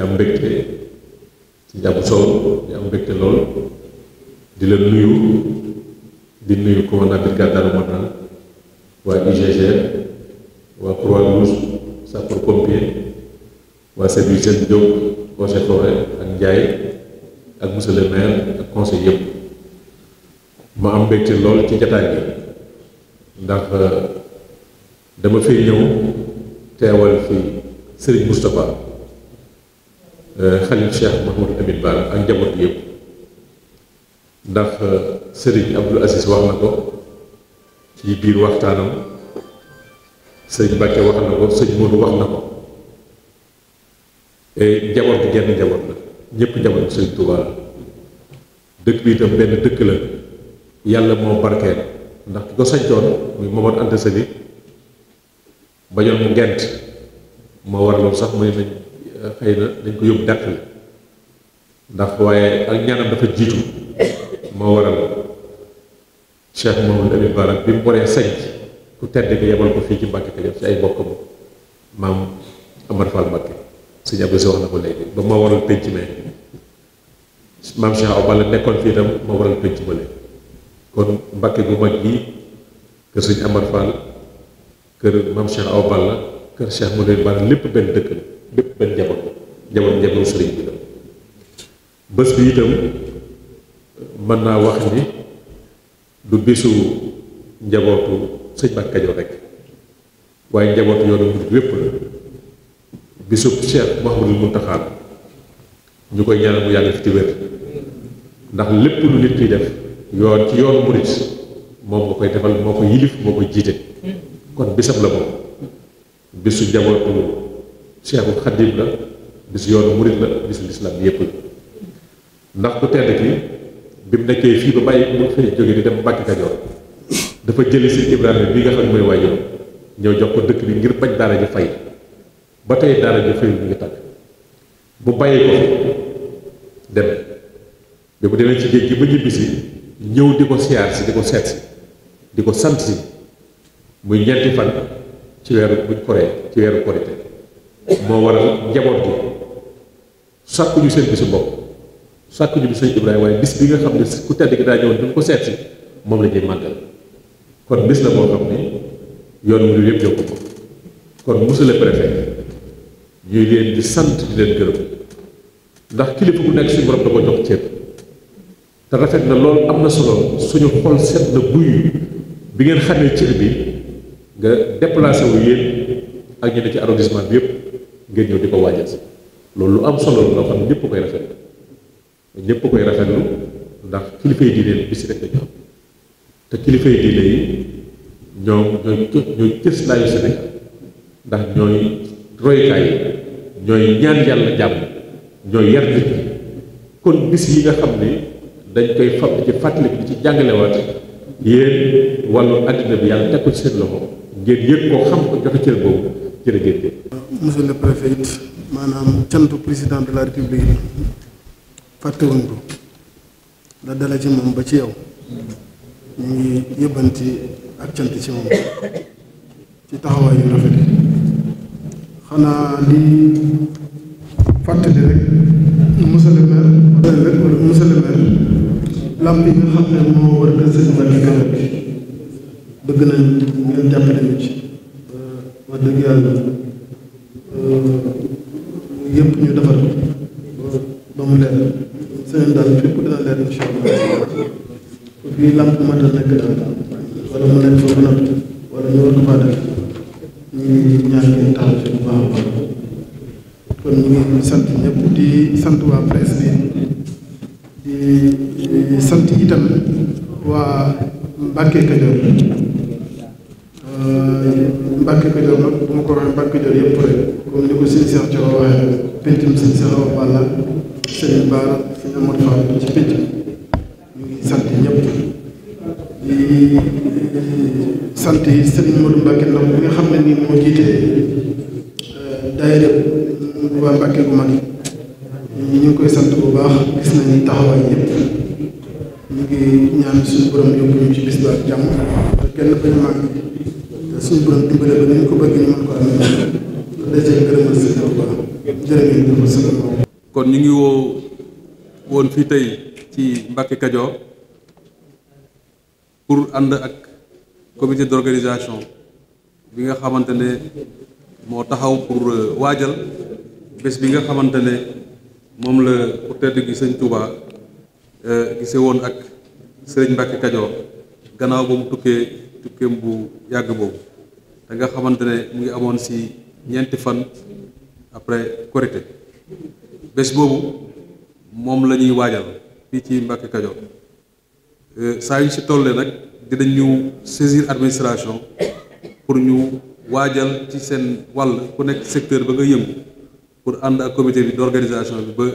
di am mbégte ci njàmbu sow di am mbégte lool di la nuyu di nuyu commandant brigade Darou Marnane waa UGGR waa Croix-Rouge sapeur pompier waa service jeune Diop Eaux et Forêts ak Ndiaye ak monsieur maire ak conseil yëpp ma am mbégte lool ci jataay bi ndax dama fay ñëw teewal fi Serigne Moustapha. xalil Cheikh Mahmoud Amin Ba ak njaboot yëpp ndax euh, Serigne Abdou Aziz wax na ko ci biir waxtaanam sëñ Mbacke wax na ko sëñ Modou wax na ko njaboot bi genn njaboot la ñëpp njaboot bi sëñ Touba la dëkk bi itam benn dëkk la yàlla moo barkeel ndax ki ko sañcoon muy Mamadou Anta Sali bañoon gent moo waraloon sax muy nañ xëy na dañ ko yóbbu dàq la ndax waaye ak ñaanam dafa jiitu moo waral Cheikh Mamadou Lamine Bara bi mu waree sañ ku tedd bi yebal ko fii ci Mbàkke Kajoor ci ay mbokkam maam Amar Fall Mbàkke sëñ Abdou moo waral nekkoon fii itam moo waral pénc ma léegi kon Mbàkke gu mag gi kër sëñ Amar Fall kër maam Cheikh Awa Balla kër Cheikh Mamadou Lamine Bara lépp benn dëkk bépp ak njaboot njaboot njaboot sëriñ bi itam mën naa wax ni du bisu njabootu sëñ Mbàkke rek waaye njabootu yoonu murid wépp la bisu Cheikh Mouhamadul Mountakha ñu koy ñaanal mu yàgg fi ci ndax lépp lu nit ñi def yoon ci yoonu murid moom nga koy defal moo ko yilif moo ko jiite kon bisam la moom bisu njabootu Seexul Xadiim la bis yoonu murit la bis lislaam yépp la ndax ku tedd ki bi mu nekkee fii ba bàyyi mu fay jóge di dem Mbàkke Kajoor dafa jëli si Ibrahima bi nga xam ne mooy waajur ñëw jox ko dëkk bi ngir bañ daara ji fay ba tey daara ji fayul ñu ngi tàkk mu bàyyi ko fi dem bi mu demee ci géej gi ba ñibbi si ñëw di ko siyaar si di ko seet si di ko sant si muy ñeenti fan ci weeru buñ koree ci weeru korite moo waral njaboot bi sàkku ñu seen bisu bopp sàkku bi sëñ Ibrahima waaye bis bi nga xam ne ku tedd gi daa ñëwoon duñ ko seet si moom la ñuy màggal kon bis na boo xam ne yoon wi yëpp jokk ko kon monsieur le ñuy leen di sant di leen gërëm ndax kilifa bu nekk suñu borom da ko jox ceeb te rafet na loolu am na solo suñu xol set na buy bi ngeen xamee cër bi nga déplacé wu yéen ak ñu ne ci arrondissement bi yëpp. ngeen ñëw di ko waajal si loolu lu am solo la loo xam ne ñëpp koy rafetlu ñëpp koy rafetlu ndax kilifa yi diine bi si rek dañu am te kilifa yi diine yi ñoo ñooy ñooy cës laayu Sénégal ndax ñooy royukaay ñooy ñaan yàlla jàmm ñooy yar nit ñi kon bis yi nga xam ne dañ koy fab ci fàttali bi ci jàngalewaat yéen wàllu àddina bi yàlla teg ko seen loxo ngeen yëg ko xam ko joxe cër boobu jërëjëf. monsieur le préfet maanaam cantu président de la république yi fàttewuñ ko la dala ci moom ba ci yow ñu ngi yëbbanti ak cant ci moom ci taxawaay yu rafet xanaa li fàttali rek monsieur le maire nga xam ne moo war a gën sëñ Mbacke Kébé bëgg nañ ngeen jàppale ñu ci. wax dëgg yàlla euh, yëpp ñu defar ba mu leer seen daal fépp dina leer incha allah fii làmp matal nekk daal wala mu nekk foofu nag wala ñu war faa def ñu ngi ñaan ngeen baax a baax kon ñu ngi sant ñëpp di sant waa presse di sant itam waa Mbàkke Kajoor Mbàkke Kajoor nag bu ma ko waxee Mbàkke Kajoor yëpp rek comme ni ko sëñ Seex Coro waxee péncum sëñ Seex Awa Balla sëñ Baar sëñ Amat Fall ngi sant ñëpp yi sëriñ Modou Mbàkke ndax mi xam ne nii moo jiite euh, daayira waa Mbàkke bu mag yi ñu ngi koy sant bu baax gis nañu taxawaay yëpp ñu ngi ñaan suñu borom yóbbu ñu ci bis ba ak jàmm kenn bañ a màgg suñu borom ni ko kon ñu ngi woo woon fii tey ci Mbacke Kajoor pour ànd ak comité d'organisation bi nga xamante ne moo taxaw pour euh, waajal bés bi nga xamante ne moom la ku tedd gi sëñ Touba euh, gise woon ak sëriñ Mbacke Kajoor gannaaw ba mu tukkee tukkeem bu yàgg boobu da xamante ne mu ngi amoon si ñeenti fan après Korité bés boobu moom la ñuy waajal fii ci Mbàkke Kajoor euh, saa yu si tollee nag dinañ ñu saisir administration pour ñu waajal ci seen wàll ku nekk secteur ba nga yëngu pour ànd ak comité bi d'organisation bi ba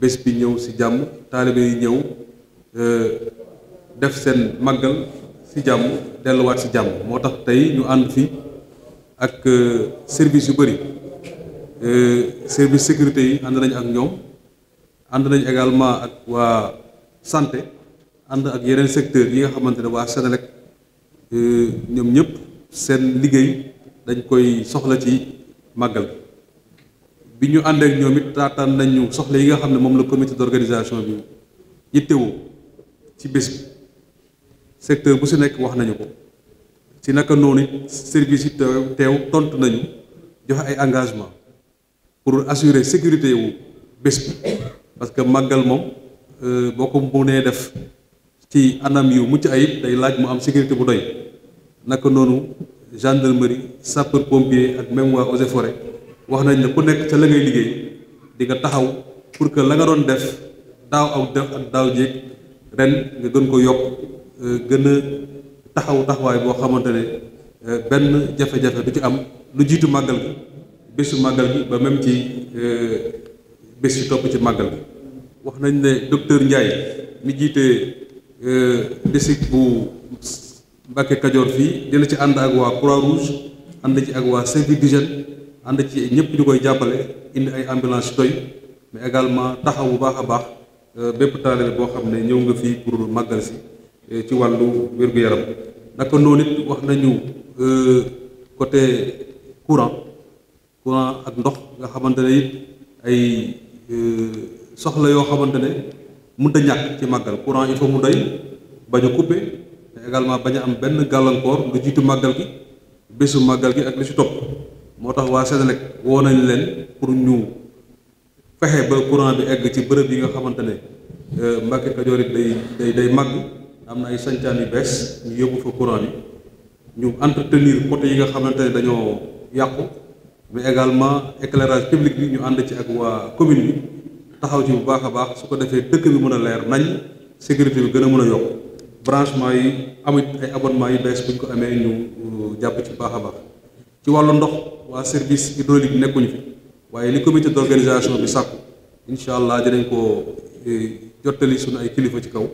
bés bi ñëw si jàmm taalibe yi ñëw euh, def seen màggal si jàmm delluwaat ci jàmm moo tax tey ñu ànd fii ak euh, service yu bëri euh, service sécurité yi ànd nañ ak ñoom ànd nañ également ak waa santé ànd ak yeneen secteur yi nga xamante ne waa Sénélec euh, ñoom ñëpp seen liggéey dañ koy soxla ci màggal bi ñu àndeek ñoom it taataan nañ ñu soxla yi nga xam ne moom la comité d'organisation bi yittewoo ci bés bi secteur bu si nekk wax nañu ko si naka noonu service yi teew tontu nañu joxe ay engagement pour assurer sécurité wu bés bi parce que màggal moom euh, boo ko mënee def ci anam yu mucc ayib day laaj mu am sécurité bu doy naka noonu gendarmerie sapeur pompier ak même waa eaux et forêt wax nañ ne ku nekk ca la ngay liggéey di nga taxaw pour que la nga doon def daaw aw def ak daaw jéeg ren nga gën ko yokk gën taxaw taxawaay boo xamante ne euh, benn jafe-jafe du ci am lu jiitu màggal gi bésu màggal gi ba même ci euh, bés yu topp ci màggal gi wax nañ ne docteur Ndiaye mi jiitee euh, district bu Mbàkke Kajoor fii dina ci ànd ak waa Croix Rouge ànd ci ak waa service d'hygiène ànd ci ñëpp ñu koy jàppale indi ay ambulance doy mais également taxaw bu baax a baax bépp taalibe boo xam ne ñëw nga fii pour màggal si ci wàllu wér-gu-yaram naka noonu it wax nañu euh, côté courant courant ak ndox nga xamante ne ay euh, soxla yoo xamante ne mënut a ñàkk ci màggal courant il faut mu doy bañ a coupé te également bañ am benn gàllankoor nga jiitu màggal gi bésu màggal gi ak lu si topp moo tax waa Sénélec woo nañ leen pour ñu fexe ba courant bi egg ci bërëb yi nga xamante ne euh, Mbàkke Kajoor it day day day màgg. am na ay sañcaan yu bees ñu yóbbu fa courant bi ñu entretenir côté yi nga xamante ne dañoo yàqu mais également éclairage public bi ñu ànd ci ak waa commune bi taxaw ci bu baax a baax su ko defee dëkk bi mën a leer nañ sécurité bi gën a mën a yokk branchement yi amit ay abonnement yu bees bu ko amee ñu euh, jàpp ci baax a baax ci wàllu ndox waa service hydraulique bi nekkuñu fi waaye li comité d'organisation bi sàkku incha allah dinañ ko euh, jottali suñu ay kilifa ci kaw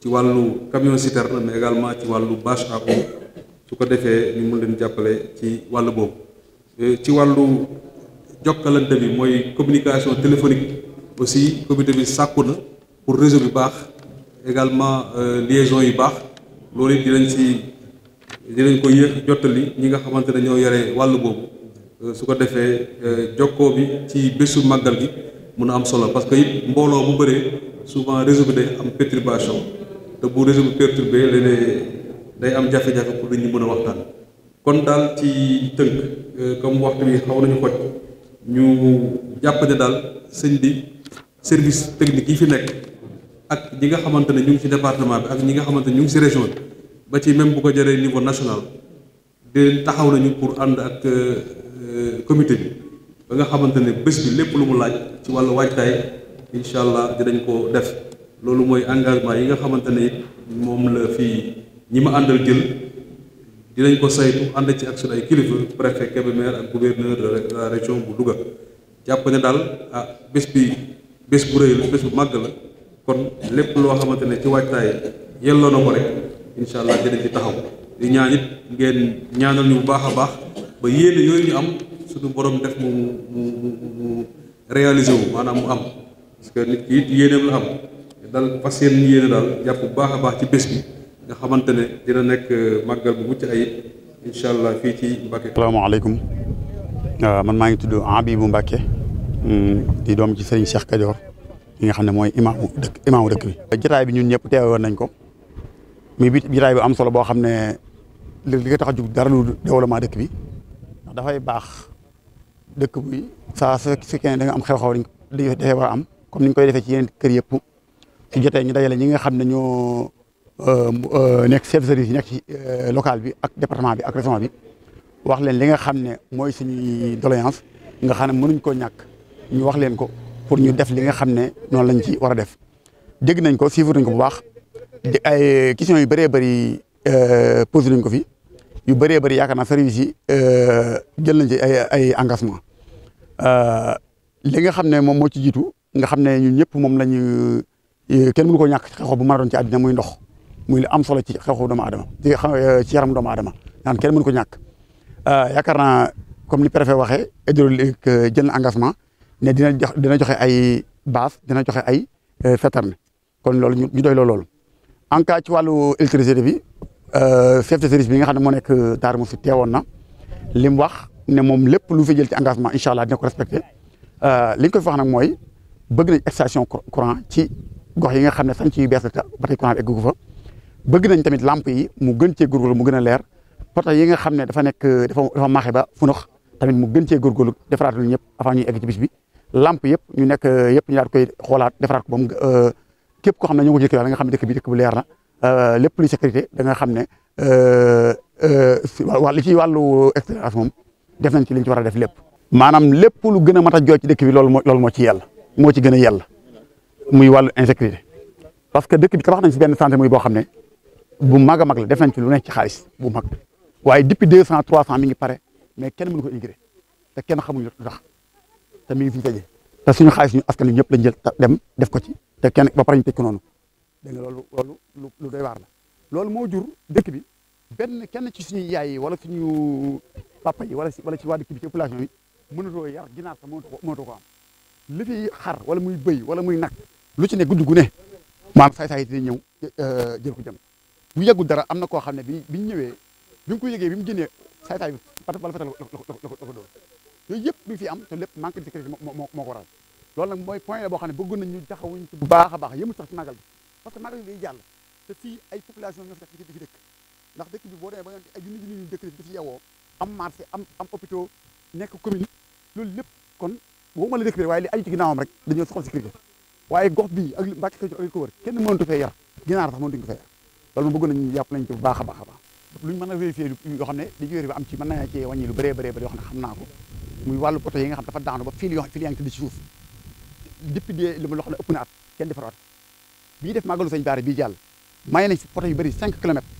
ci wàllu camion citerne mais également ci wàllu bâche à su ko defee ni mun leen jàppale ci wàllu boobu ci wàllu jokkalante bi mooy communication téléphonique aussi comité bi sàkku na pour réseau bi baax également euh, liaison yu baax loolu yi dinañ si dinañ ko yéex jottali ñi nga xamante ne ñoo yore wàll boobu euh, su ko defee euh, jokkoo bi ci bésu màggal gi mun a am solo parce que it mbooloo bu bëree souvent réseau bi am perturbation te bu régime perturbé léeg-léeg day am jafe-jafe pour nit mën a waxtaan kon daal ci tënk euh, comme waxtu bi xaw nañu xoj ñu jàpp ne daal sëñ bi service technique yi fi nekk ak ñi nga xamante ne ñu ngi ci département bi ak ñi nga xamante ne ñu ngi ci région bi ba ci même bu ko jëlee niveau national de taxaw nañu pour ànd ak euh, euh, comité bi ba nga xamante ne bés bi lépp lu mu laaj ci wàllu waajtaay incha allah dinañ ko def. loolu mooy engagement yi nga xamante ne moom la fii ñi ma àndal jël dinañ ko saytu ànd ci ak sunu ay kilifa préfet Kébémer ak gouverneur de la région bu Louga jàpp ne daal ah bés bi bés bu rëy la bés bu màgg la kon lépp loo xamante ne ci waajtaay yelloo na ko rek incha allah dinañ ci taxaw di ñaan it ngeen ñaanal ñu bu baax a baax ba yéene yooyu ñu am suñu borom def mu mu mu réaliser wu maanaam mu am parce que nit ki it yéeneem la am. dal fas yéene yéene daal jàpp bu baax a baax ci bés nga xamante ne dina nekk euh, màggal bu mucc ayib incha allah fii ci Mbacke. salaamaaleykum euh, man maa ngi tudd Habibou Mbacke mm, di doom ci Serigne Cheikh Kadior ki nga xam ne mooy imaamu dëkk imaamu dëkk bi. jotaay bi ñun ñëpp teewoon nañ ko muy bi jotaay bi am solo boo xam ne li li ko tax a jug dara lu développement dëkk bi dafay baax dëkk bi saa su fekkee ne da nga am xew-xew dañ ko defee war a am comme ni ñu koy defee ci yeneen kër yëpp. su jotee ñu dajale ñi nga xam ne ñoo euh, euh, nekk chef service yi nekk ci euh, local bi ak département bi ak région bi wax leen li nga xam ne mooy suñuy doléance nga xam ne mënuñ koo ñàkk ñu wax leen ko pour ñu def li nga xam ne noonu lañ ci war a def dégg nañ ko suivre bu baax ay questions yu bëree bëri posé nañ ko fi yu bëree bëri yaakaar naa service yi jël nañ ci ay ay engagement li nga xam ne moom moo ci jiitu nga xam ne ñu ñëpp moom la ñu Eh, kenn mënu ko ñàkk ci xeexoo bu mën ci àddina muy ndox muy lu am solo ci xeexoo doomu aadama ci eh, ci yaram doomu aadama naan kenn mënu ko ñàkk eh, yaakaar naa comme ni préfet waxee hydraulique jël na engagement ne dina jox dina joxe ay bâche dina joxe ay fertarne kon loolu ñu doy loolu en cas ci wàllu électricité bi chef de service bi nga xam ne moo nekk Darou Mousty teewoon na li mu wax ne moom lépp lu fi jël ci engagement incha allah dina ko respecté li ñu wax nag mooy bëgg nañ station courant ci gox yi nga xam ne sanc yu bees la te ba tey courant bi eggu fa bëgg nañ tamit lamp yi mu gën cee góorgóorlu mu gën a leer poto yi nga xam ne dafa nekk dafa dafa maaxe ba funox tamit mu gën cee góorgóorlu defaraat lu ñëpp avant ñuy egg bi lamp yëpp ñu nekk yëpp ñu daal xoolaat defaraat ko ba mu euh, képp koo xam ne ñoo ngi nga xam ne dëkk bi dëkk bu leer na euh, lépp lu sécurité da nga xam ne euh, waa li ci wàllu expérience moom def nañ ci liñ ci war def lépp maanaam lépp lu gën a mat a jooj ci dëkk bi loolu moo loolu moo ci yàlla moo ci gën a yàlla muy wàllu insécurité parce que dëkk bi tabax nañ si benn santé muy boo xam ne bu mag a mag la def nañ ci lu nekk ci xaalis bu mag waaye depuis deux cent trois cent mi ngi pare mais kenn mënu ko intégré te kenn xamuñ lu tax te mi ngi fi ñu tëjee te suñu xaalis ñu askan wi ñëpp lañ ta dem def ko ci te kenn ba pare ñu tëj ko noonu dégg nga loolu loolu lu doy waar la loolu moo jur dëkk bi benn kenn ki suñuy yaay yi wala suñu papa yi wala wala ci waa dëkk bi ci population yi mënatoo yar ginaar sax mënatoo ko am li fi wala muy bëy wala muy nag lu ci ne guddi gu ne maam saay-saay yi dina ñëw euh, bu yàggul dara am na koo xam ne bi bi ñu ñëwee bi mu ko yëgee bi mu génnee saay-saay bi pat bala fetal la ko la fi am te lépp manque de sécurité moo moo ko waral loolu nag mooy point la boo xam ne bëggoon nañ ñu jaxawuñ ci bu baax a baax yëmu sax ci màggal bi parce que màggal bi day ay population ñoo di fi dëkk ndax dëkk bi boo demee ba nga ay junni junni ñu dëkk di fi yeewoo am marché am am hôpital nekk commune loolu lépp kon waxuma la dëkk bi waaye li aju ci ginnaawam rek dañoo soxla sécurité waaye gox bii ak Mbàkke Kajoor ak ko wër kenn mënatu fee ginaar sax mënatuñ ko fee yar loolu ma bëgg nañu jàpp nañ ci bu baax a baax a baax luñ mën a vérifier yoo xam ne am ci mën naa cee wàññi lu bëree bëree bëri yoo xam ne xam naa ko na at bii jàll may nañ si poto yu bëri 5 kilomètres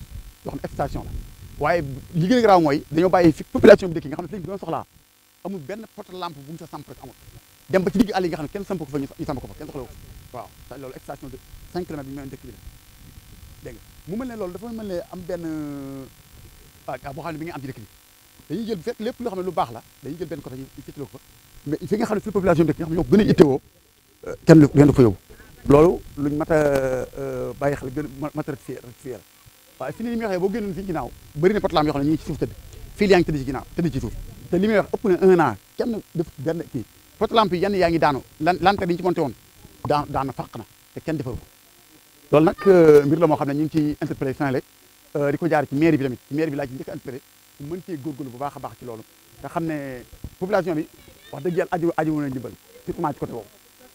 yoo xam ne station la waaye li gën a mooy dañoo bay fi population bi dëkk nga xam ne fi lañ doon soxlaa benn poto lampe bu mu sa samp dem ba ci digg àll yi nga xam ne kenn samp ko fa ñu samp ko fa kenn soxlawu waaw loolu extension de 5 kilomètres bi ñu dëkk bi la dégg mu mel ne loolu dafa mel ne am benn ah boo xam ne bi nga am ci dëkk bi dañuy jël fekk lépp loo xam ne lu baax la dañuy jël benn côté ñu fittiloo ko fa mais fi nga xam ne fi population bi dëkk nga xam ne ñoo gën a ittewoo euh, kenn du leen fa yóbbu loolu luñ mat a euh, bàyyi xel gën mat a rectifier waaye fi ne li muy waxee boo génnoon fii ginnaaw bëri na potlaam yoo xam ne ñu ngi ci suuf tëdd fii yaa ngi tëdd ci ginnaaw tëdd ci suuf benn kii pot lamp yi yan yaa ngi daanu lan lanterne yi ñu ci monté woon daan daan faq na te kenn defaru loolu nag euh, mbir la moo xam ne ñu ngi ciy interpellé Senelec euh, di ko jaar ci mairie bi tamit ci mairie bi laa ci njëkk a interpellé mën cee góorgóorlu bu baax a baax ci loolu te xam ne population bi wax dëgg yàlla aju aju na ndimbal surtout ci côté boobu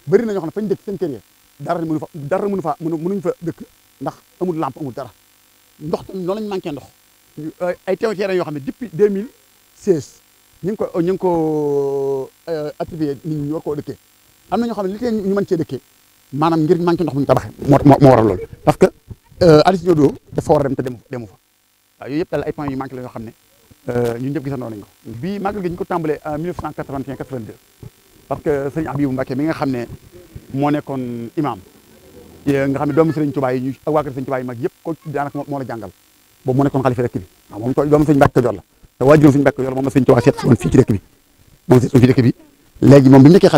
bëri na ñoo xam ne fañ dëkk seen kër ya dara mënu fa dara mënu fa mënuñ fa dëkk ndax amul lampe amul dara ndox tam noonu lañ manqué ndox ay tew teewteera yoo xam ne mille 2016 ñu ngi ko ñu ngi ko euh, attribué nit ñi ñu war koo dëkkee am na ñoo xam ne li tee ñu mën cee dëkkee maanaam ngir manqué ndox bu ñu tabaxee moo moo waral lool parce que euh, Aline Sitoé Diop dafa war a dem te demu fa waaw yooyu yëpp daal ay points yu manqué la yoo xam ne ñu euh, ñun ñëpp gisandoo nañ ko bii màggal gi ñu ko tàmbalee en 1981 82 parce que sëñ Abibou Mbacké mi nga xam ne moo nekkoon imam nga xam ne doomu sëriñ a yi ñu ak waa kër ko daanaka moo la jàngal boobu moo nekkoon xalifa rekk la te waajuram suñu mbàkk yoolu moom la sëñ Tuubaa seet woon fii ci dëkk bi moom seet fii dëkk bi léegi moom bi mu nekkee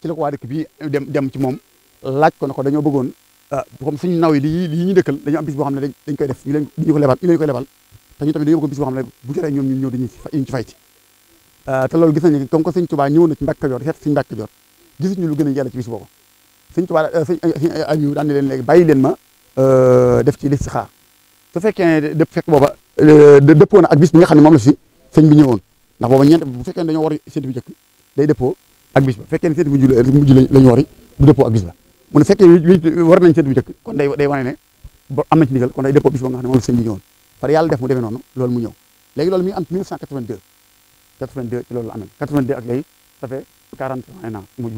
ci la ko waa dëkk bi dem ci moom laaj ko na ko dañoo bëggoon ah, comme suñu naw yi li li ñu dëkkal dañoo am bis boo xam ne dañ koy def ñu ko lebal ñu leen koy lebal te ñu tamit dañoo bëggoon bis boo xam ne bu ci fay ci ah, na ci Mbàkke Kajoor seet suñu Mbàkke lu gën a yàlla ci bis boobu sëñ Tuubaa ah, sëñ Aliou daan leen léegi bàyyi leen ma def ci listixaar su fekkee ne dëpp dëppoo na ak bis bi nga xam ne moom la fi sëñ bi ñëwoon ndax booba ñeent bu fekkee ne dañoo war séntu bu njëkk day dëppoo ak bis ba fekkee ne séntu la ñu wari du dëppoo ak bis ba na ci ndigal nga xam ne moom la sëñ bi ñëwoon par yàlla def mu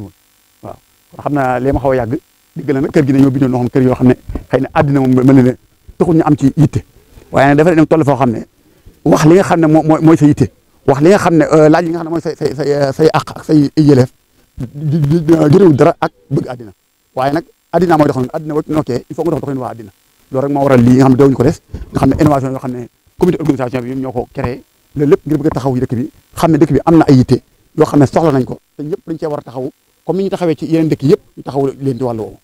xam naa lee ma xaw a yàgg digg la nag kër gi dañoo bindoon noo xam ne xëy na àddina moom mel ne taxul ñu am ci yitte waaye nag dafa dem toll foo xam ne wax li nga xam ne moo mooy sa wax li nga xam ne euh, laaj li nga xam ne mooy say say say euh, say àq ak say yëleef dara ak bëgg àddina waaye nag àddina mooy doxalin àddina boo nokkee il faut nga dox doxalin waa àddina loolu rek moo waral lii nga xam ne dawuñu ko des nga xam ne innovation yoo xam ne comité organisation bi ñoom ñoo ko créé loolu lépp ngir bëgg taxaw dëkk bi xam ne dëkk bi am na ay yitte yoo xam ne soxla nañ ko te ñëpp dañ cee war a taxaw comme ni ñu taxawee ci yeneen dëkk yëpp ñu taxaw leen di wàllu woowu